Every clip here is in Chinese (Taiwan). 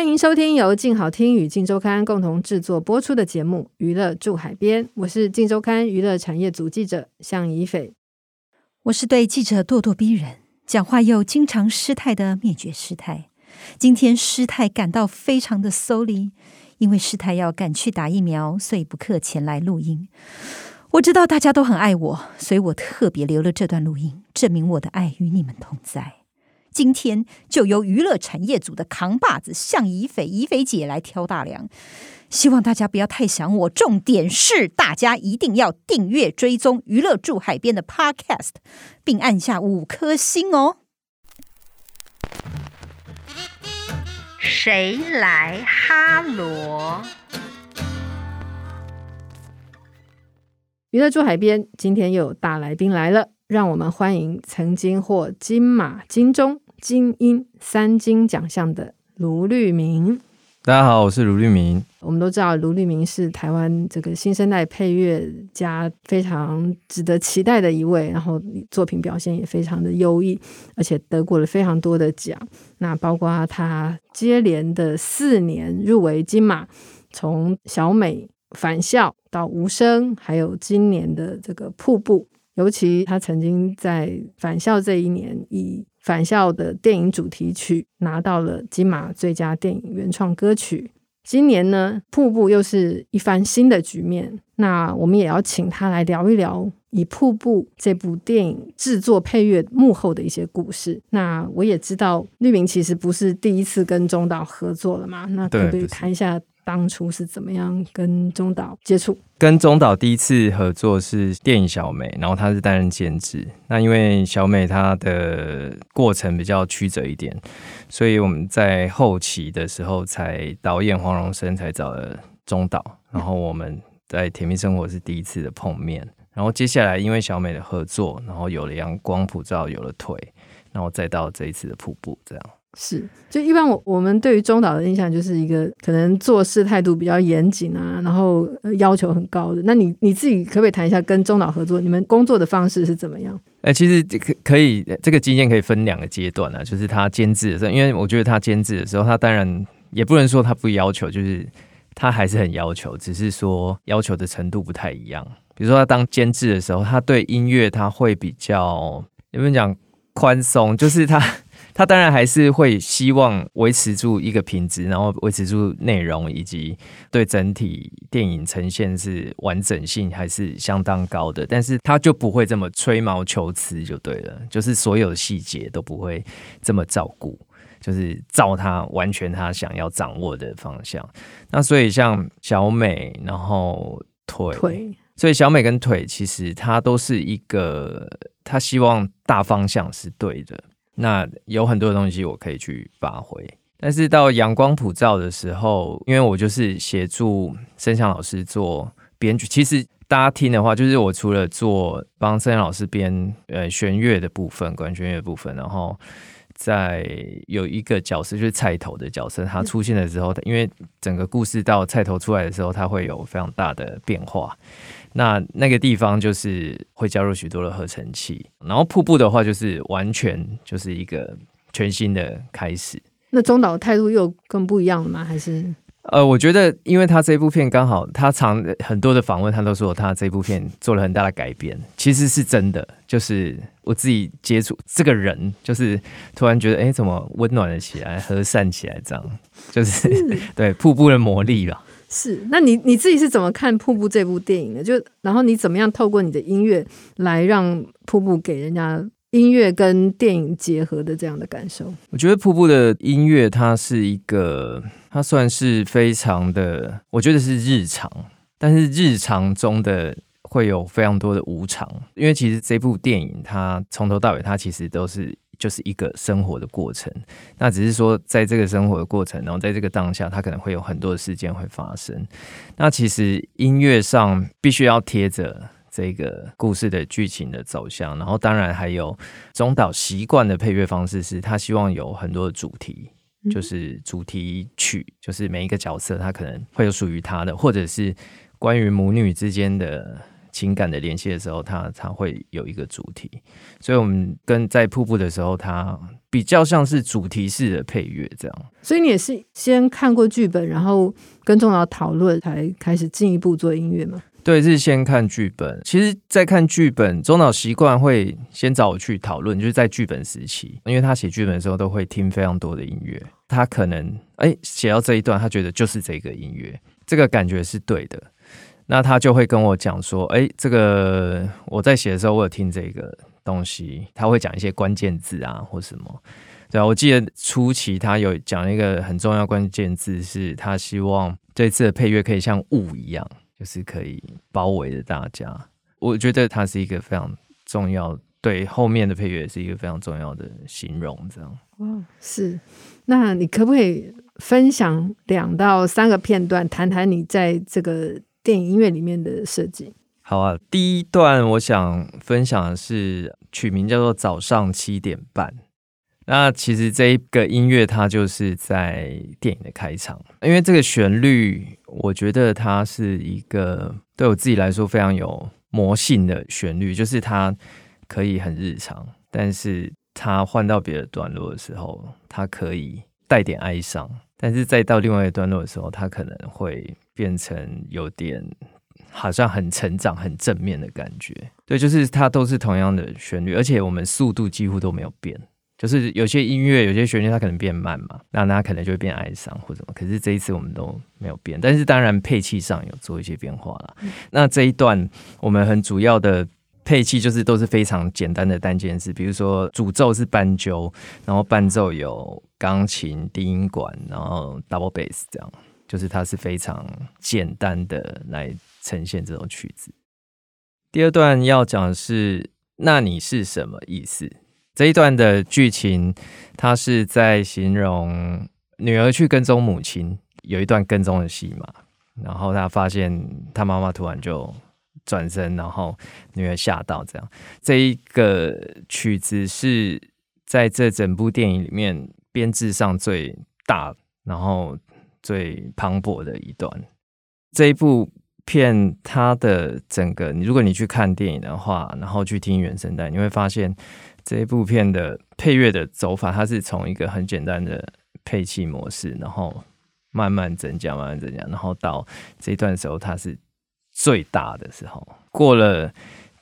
歡迎收聽由鏡好聽與鏡週刊共同製作播出的節目《娛樂住海邊》，我是鏡週刊娛樂產業組記者向以斐。我是對記者咄咄逼人、講話又經常失態的滅絕師太。今天師太感到非常的 sorry，因為師太要趕去打疫苗，所以不克前來錄音。我知道大家都很愛我，所以我特別留了這段錄音，證明我的愛與你們同在。今天就由娛樂產業組的扛把子向怡斐，怡斐姐來挑大梁。希望大家不要太想我。重點是，大家一定要訂閱追蹤《娛樂住海邊》的 Podcast，並按下五顆星哦。誰來哈羅？《娛樂住海邊》今天又有大來賓來了。讓我們歡迎曾經獲金馬、金鐘、金音三金獎項的盧律銘。大家好，我是盧律銘。我們都知道，盧律銘是台灣這個新生代配樂家，非常值得期待的一位。然後作品表現也非常的優異，而且得過了非常多的獎。那包括他接連的四年入圍金馬，從《小美》、《返校》到《無聲》，還有今年的這個《瀑布》。尤其他曾經在返校這一年，以返校的電影主題曲拿到了金馬最佳電影原創歌曲。今年呢，瀑布又是一番新的局面。那我們也要請他來聊一聊以瀑布這部電影制作配樂幕後的一些故事。那我也知道律銘其實不是第一次跟鍾導合作了嘛，那可不可以談一下？當初是怎麼樣跟中島接觸？跟中島第一次合作是電影《小美》，然後他是擔任監製。那因為小美她的過程比較曲折一點，所以我們在後期的時候，才導演黃榮昇，才找了中島。然後我們在《甜蜜生活》是第一次的碰面。嗯、然後接下來因為小美的合作，然後有了陽光普照，有了腿，然後再到這一次的瀑布，這樣。是，就一般我我們對於鍾導的印象就是一個可能做事態度比較嚴謹啊，然後要求很高的。那你你自己可不可以談一下跟鍾導合作，你們工作的方式是怎麼樣？哎、欸，其實可可以，這個經驗可以分兩個階段啊，就是他監制的時候，因為我覺得他監制的時候，他當然也不能說他不要求，就是他還是很要求，只是說要求的程度不太一樣。比如說他當監制的時候，他對音樂他會比較，有沒有講寬鬆，就是他。 他當然還是會希望維持住一個品質，然後維持住內容，以及對整體電影呈現是完整性還是相當高的。但是他就不會這麼吹毛求疵，就對了，就是所有細節都不會這麼照顧，就是照他完全他想要掌握的方向。那所以像小美，然後腿，腿，所以小美跟腿其實他都是一個，他希望大方向是對的。那有很多的東西我可以去發揮，但是到陽光普照的時候，因為我就是協助生祥老師做編劇。其實大家聽的話，就是我除了做幫生祥老師編呃弦樂的部分、管弦樂部分，然後再有一個角色就是菜頭的角色，他出現的時候，因為整個故事到菜頭出來的時候，他會有非常大的變化。那那個地方就是會加入許多的合成器，然後瀑布的話就是完全就是一個全新的開始。那鍾導的態度又更不一樣了嗎？還是？呃，我覺得，因為他這部片剛好，他常很多的訪問，他都說他這部片做了很大的改變，其實是真的。就是我自己接觸這個人，就是突然覺得，哎，怎麼溫暖了起來，和善起來，這樣就是,是 對瀑布的魔力吧。是，那你你自己是怎麼看《瀑布》這部電影的？就然後你怎麼樣透過你的音樂來讓《瀑布》給人家音樂跟電影結合的這樣的感受？我覺得《瀑布》的音樂它是一個，它算是非常的，我覺得是日常，但是日常中的會有非常多的無常，因為其實這部電影它從頭到尾它其實都是。就是一個生活的過程，那只是說在這個生活的過程，然後在這個當下，它可能會有很多的事件會發生。那其實音樂上必須要貼着這個故事的劇情的走向，然後當然還有鍾導習慣的配樂方式，是他希望有很多的主題，嗯、就是主題曲，就是每一個角色他可能會有屬於他的，或者是關於母女之間的。情感的聯繫的時候，它才會有一個主題，所以我們跟在瀑布的時候，它比較像是主題式的配樂這樣。所以你也是先看過劇本，然後跟鍾導討論，才開始進一步做音樂嗎？對，是先看劇本。其實，在看劇本，鍾導習慣會先找我去討論，就是在劇本時期，因為他寫劇本的時候都會聽非常多的音樂，他可能哎，欸，寫到這一段，他覺得就是這個音樂，這個感覺是對的。那他就會跟我講說：“誒、欸，這個我在寫的時候，我有聽這個東西。他會講一些關鍵字啊，或什麼。對啊，我記得初期他有講一個很重要關鍵字，是他希望這次的配樂可以像霧一樣，就是可以包圍着大家。我覺得它是一個非常重要，對後面的配樂也是一個非常重要的形容。這樣哦，是。那你可不可以分享兩到三個片段，談談你在這個？”電影音樂裡面的設計。好啊，第一段我想分享的是曲名叫做“早上七點半”。那其實這一個音樂它就是在電影的開場，因為這個旋律，我覺得它是一個對我自己來說非常有魔性的旋律，就是它可以很日常，但是它換到別的段落的時候，它可以帶點哀傷；但是再到另外一個段落的時候，它可能會。變成有點好像很成長、很正面的感覺。對，就是它都是同樣的旋律，而且我們速度幾乎都沒有變。就是有些音樂、有些旋律它可能變慢嘛，那它可能就會變哀傷或什麼。可是這一次我們都沒有變，但是當然配器上有做一些變化啦。嗯、那這一段我們很主要的配器就是都是非常簡單的單件式，比如說主奏是斑鳩，然後伴奏有鋼琴、低音管，然後 double bass 這樣。就是它是非常簡單的來呈現這種曲子。第二段要講的是，那你是什麼意思？這一段的劇情，它是在形容女兒去跟蹤母親，有一段跟蹤的戲碼。然後她發現她媽媽突然就轉身，然後女兒嚇到這樣。這一個曲子是在這整部電影裡面編制上最大，然後，最磅礴的一段。這一部片它的整個，如果你去看電影的話，然後去聽原聲帶，你會發現這一部片的配樂的走法，它是從一個很簡單的配器模式，然後慢慢增加，慢慢增加，然後到這一段時候它是最大的時候。過了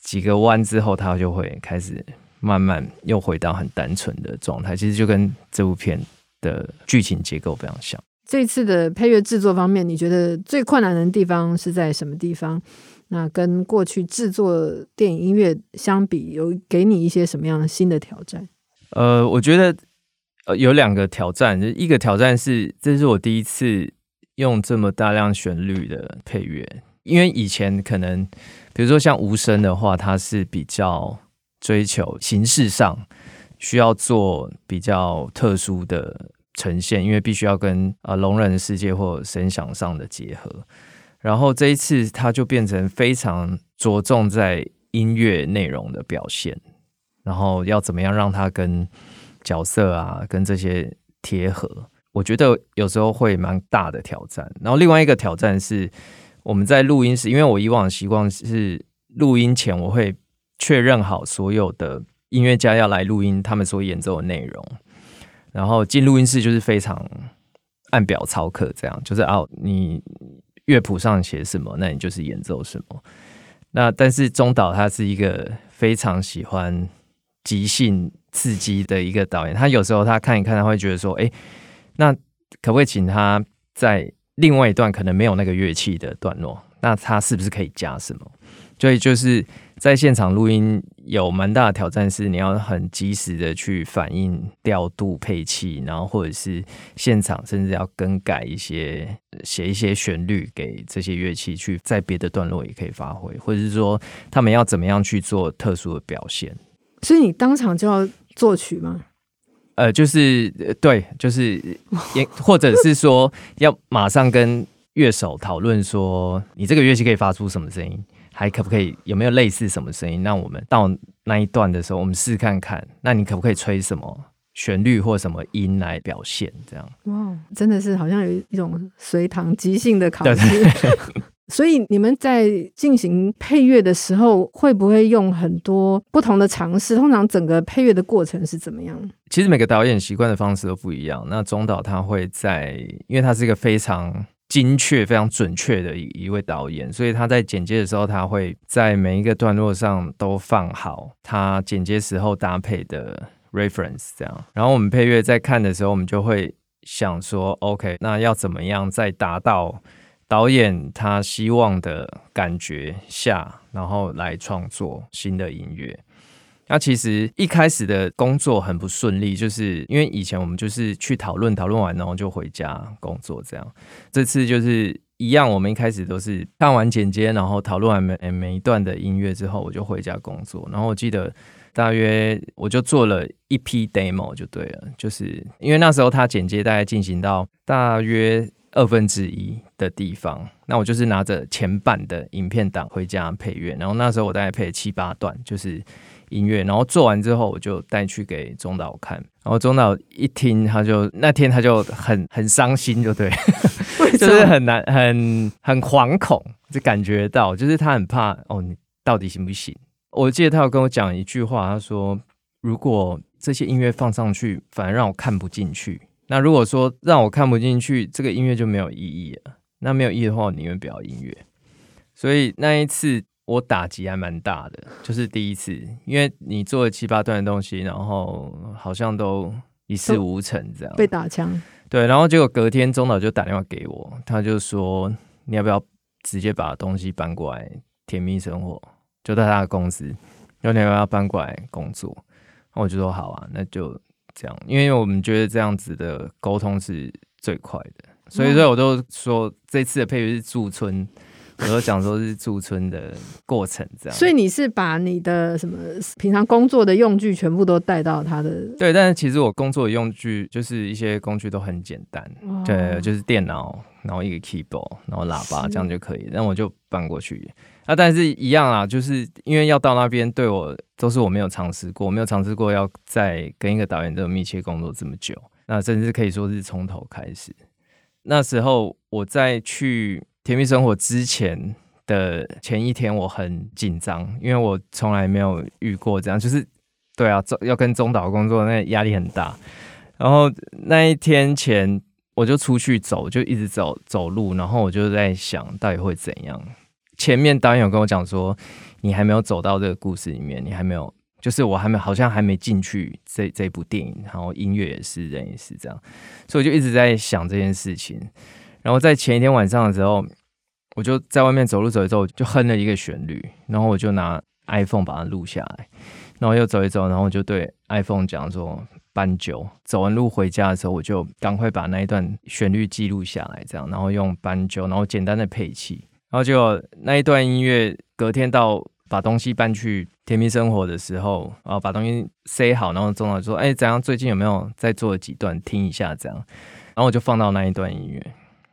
幾個彎之後，它就會開始慢慢又回到很單純的狀態。其實就跟這部片的劇情結構非常像。這一次的配樂製作方面，你覺得最困難的地方是在什麼地方？那跟過去製作電影音樂相比，有給你一些什麼樣的新的挑戰？呃，我覺得呃有兩個挑戰，就一個挑戰是，這是我第一次用這麼大量旋律的配樂，因為以前可能比如說像無聲的話，它是比較追求形式上需要做比較特殊的。呈現，因為必須要跟呃、啊、聾人的世界或聲響上的結合，然後這一次它就變成非常着重在音樂內容的表現，然後要怎麼樣讓它跟角色啊跟這些貼合，我覺得有時候會蠻大的挑戰。然後另外一個挑戰是我們在錄音時，因為我以往習慣是錄音前我會確認好所有的音樂家要來錄音，他們所演奏的內容。然後進錄音室就是非常按表操課，這樣就是啊，你樂譜上寫什麼，那你就是演奏什麼。那但是中島他是一個非常喜歡即興刺激的一個導演，他有時候他看一看，他會覺得說，哎，那可不可以請他在另外一段可能沒有那個樂器的段落，那他是不是可以加什麼？所以就是。在現場錄音有蠻大的挑戰，是你要很及時的去反應調度配器，然後或者是現場甚至要更改一些，寫一些旋律給這些樂器去在別的段落也可以發揮，或者是說他們要怎麼樣去做特殊的表現。所以你當場就要作曲嗎？呃，就是對，就是也或者是說要馬上跟樂手討論說，你這個樂器可以發出什麼聲音？還可不可以？有沒有類似什麼聲音？那我們到那一段的時候，我們試看看。那你可不可以吹什麼旋律或什麼音來表現？這樣哇，wow, 真的是好像有一種隨堂即興的考試。所以你們在進行配樂的時候，會不會用很多不同的嘗試？通常整個配樂的過程是怎麼樣？其實每個導演習慣的方式都不一樣。那鍾導他會在，因為他是一個非常。精確，非常準確的一一位導演，所以他在剪接的時候，他會在每一個段落上都放好他剪接時候搭配的 reference，這樣，然後我們配樂在看的時候，我們就會想說，OK，那要怎麼樣再達到導演他希望的感覺下，然後來創作新的音樂。那、啊、其實一開始的工作很不順利，就是因為以前我們就是去討論，討論完然後就回家工作這樣。這次就是一樣，我們一開始都是看完剪接，然後討論完每每一段的音樂之後，我就回家工作。然後我記得大約我就做了一批 demo 就對了，就是因為那時候他剪接大概進行到大約二分之一的地方，那我就是拿着前半的影片檔回家配樂。然後那時候我大概配了七八段，就是。音樂，然後做完之後，我就帶去給鍾導看。然後鍾導一聽，他就那天他就很很傷心，就對， 就是很難，很很惶恐，就感覺到，就是他很怕哦，你到底行不行？我記得他有跟我講一句話，他說：“如果這些音樂放上去，反而讓我看不進去。那如果說讓我看不進去，這個音樂就沒有意義了。那沒有意義的話，我寧願不要音樂。”所以那一次。我打擊還蠻大的，就是第一次，因為你做了七八段的東西，然後好像都一事無成這樣被打槍。對，然後結果隔天中島就打電話給我，他就說你要不要直接把東西搬過來？甜蜜生活就在他的公司，然後你要不要搬過來工作，然後我就說好啊，那就這樣，因為我們覺得這樣子的溝通是最快的，所以所以我都說、嗯、這次的配樂是駐村。我都講說是駐村的過程這樣，所以你是把你的什麼平常工作的用具全部都帶到他的？對，但是其實我工作的用具就是一些工具都很簡單，對，就是電腦，然後一個 keyboard，然後喇叭是這樣就可以。那我就搬過去啊，那但是一樣啊，就是因為要到那邊，對我都是我沒有嘗試過，我沒有嘗試過要再跟一個導演這麼密切工作這麼久，那甚至可以說是從頭開始。那時候我再去。《甜蜜生活》之前的前一天，我很緊張，因為我從來沒有遇過這樣，就是對啊，要跟中島工作，那壓力很大。然後那一天前，我就出去走，就一直走走路，然後我就在想，到底會怎樣？前面導演有跟我講說，你還沒有走到這個故事裡面，你還沒有，就是我還沒，好像還沒進去這這部電影，然後音樂也是，人也是這樣，所以我就一直在想這件事情。然後在前一天晚上的時候，我就在外面走路走一走，我就哼了一個旋律，然後我就拿 iPhone 把它錄下來，然後又走一走，然後我就對 iPhone 講說：“Banjo，走完路回家的時候，我就趕快把那一段旋律記錄下來，這樣，然後用 Banjo，然後簡單的配器，然後結果那一段音樂隔天到把東西搬去甜蜜生活的時候，然後把東西塞好，然後鍾導說：哎，怎樣？最近有沒有再做幾段聽一下？這樣，然後我就放到那一段音樂。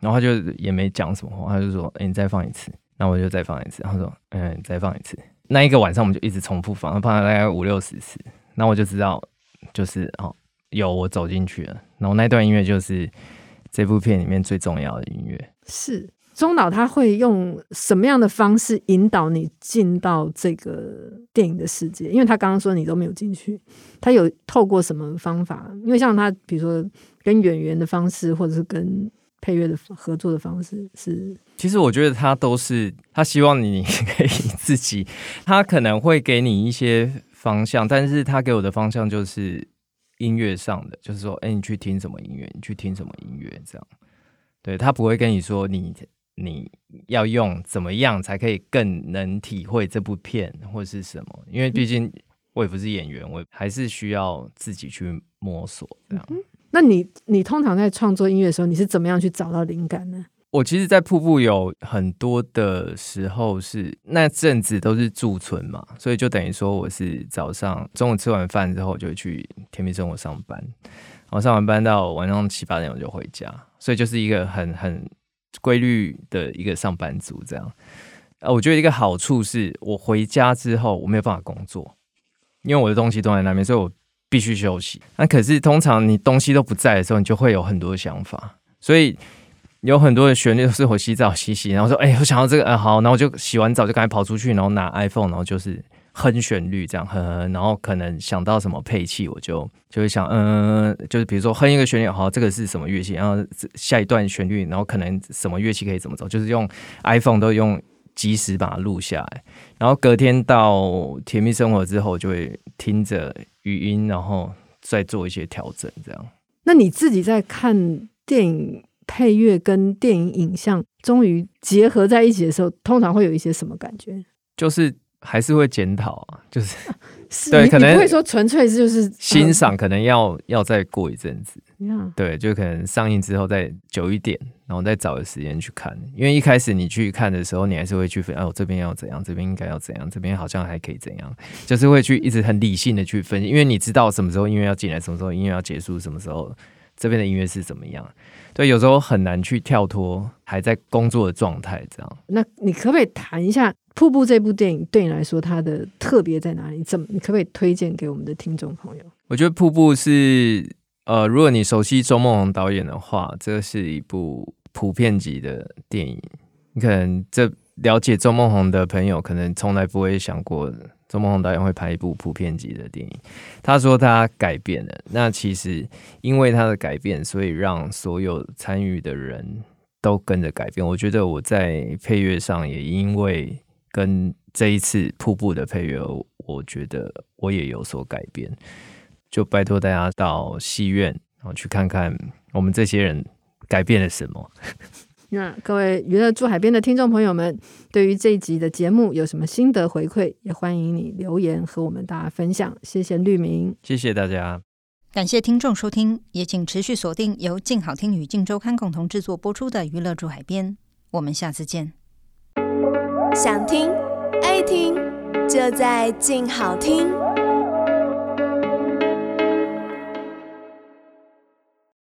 然後他就也沒講什麼話，他就說：“哎，你再放一次。”那我就再放一次。然後他說：“嗯，你再放一次。”那一個晚上我們就一直重複放，放了大概五六十次。那我就知道，就是哦，有我走進去了。然後那段音樂就是這部片裡面最重要的音樂。是鍾導他會用什麼樣的方式引導你進到這個電影的世界？因為他剛剛說你都沒有進去，他有透過什麼方法？因為像他，比如說跟演員的方式，或者是跟……配樂的合作的方式是，其實我覺得他都是他希望你可以自己，他可能會給你一些方向，但是他給我的方向就是音樂上的，就是說，哎，你去聽什麼音樂，你去聽什麼音樂，這樣，對，他不會跟你說你你要用怎麼樣才可以更能體會這部片或者是什麼，因為畢竟我也不是演員，我還是需要自己去摸索這樣。嗯那你你通常在創作音樂的時候，你是怎麼樣去找到靈感呢？我其實，在瀑布有很多的時候是那陣子都是駐村嘛，所以就等於說我是早上中午吃完飯之後就去甜蜜生活上班，然後上完班到晚上七八點我就回家，所以就是一個很很規律的一個上班族這樣。呃，我覺得一個好處是我回家之後我沒有辦法工作，因為我的東西都在那邊，所以我。必須休息。那可是通常你東西都不在的時候，你就會有很多想法。所以有很多的旋律是我洗澡，我洗澡洗，然後說：“哎、欸，我想到這個，啊、呃，好。”然後我就洗完澡就趕緊跑出去，然後拿 iPhone，然後就是哼旋律這樣哼哼。然後可能想到什麼配器，我就就會想，嗯、呃，就是比如說哼一個旋律，好，這個是什麼樂器？然後下一段旋律，然後可能什麼樂器可以怎麼走？就是用 iPhone 都用，及時把它錄下來，然後隔天到《甜蜜生活》之後，就會聽着語音，然後再做一些調整，這樣。那你自己在看電影配樂跟電影影像終於結合在一起的時候，通常會有一些什麼感覺？就是。還是會檢討啊，就是、啊、是對，你可能你不會說純粹是就是欣賞，可能要要再過一陣子，啊、對，就可能上映之後再久一點，然後再找個時間去看，因為一開始你去看的時候，你還是會去分，哎，我這邊要怎樣，這邊應該要怎樣，這邊好像還可以怎樣，就是會去一直很理性的去分析， 因為你知道什麼時候音樂要進來，什麼時候音樂要結束，什麼時候這邊的音樂是怎麼樣，對，有時候很難去跳脫還在工作的狀態這樣。那你可不可以談一下？《瀑布》這部電影對你來說，它的特別在哪裡？怎麼你可不可以推薦給我們的聽眾朋友？我覺得《瀑布》是呃，如果你熟悉周夢紅導演的話，這是一部普遍級的電影。你可能這了解鍾孟宏的朋友，可能從來不會想過鍾孟宏導演會拍一部普遍級的電影。他說他改變了，那其實因為他的改變，所以讓所有參與的人都跟着改變。我覺得我在配樂上也因為。跟這一次瀑布的配樂，我覺得我也有所改變。就拜托大家到戲院，然後去看看我們這些人改變了什麼。那各位娛樂組海邊的聽眾朋友們，對於這一集的節目有什麼心得回饋，也歡迎你留言和我們大家分享。謝謝律銘，謝謝大家，感謝聽眾收聽，也請持續鎖定由鏡好聽與鏡週刊共同制作播出的《娛樂組海邊》，我們下次見。想聽愛聽，就在靜好聽。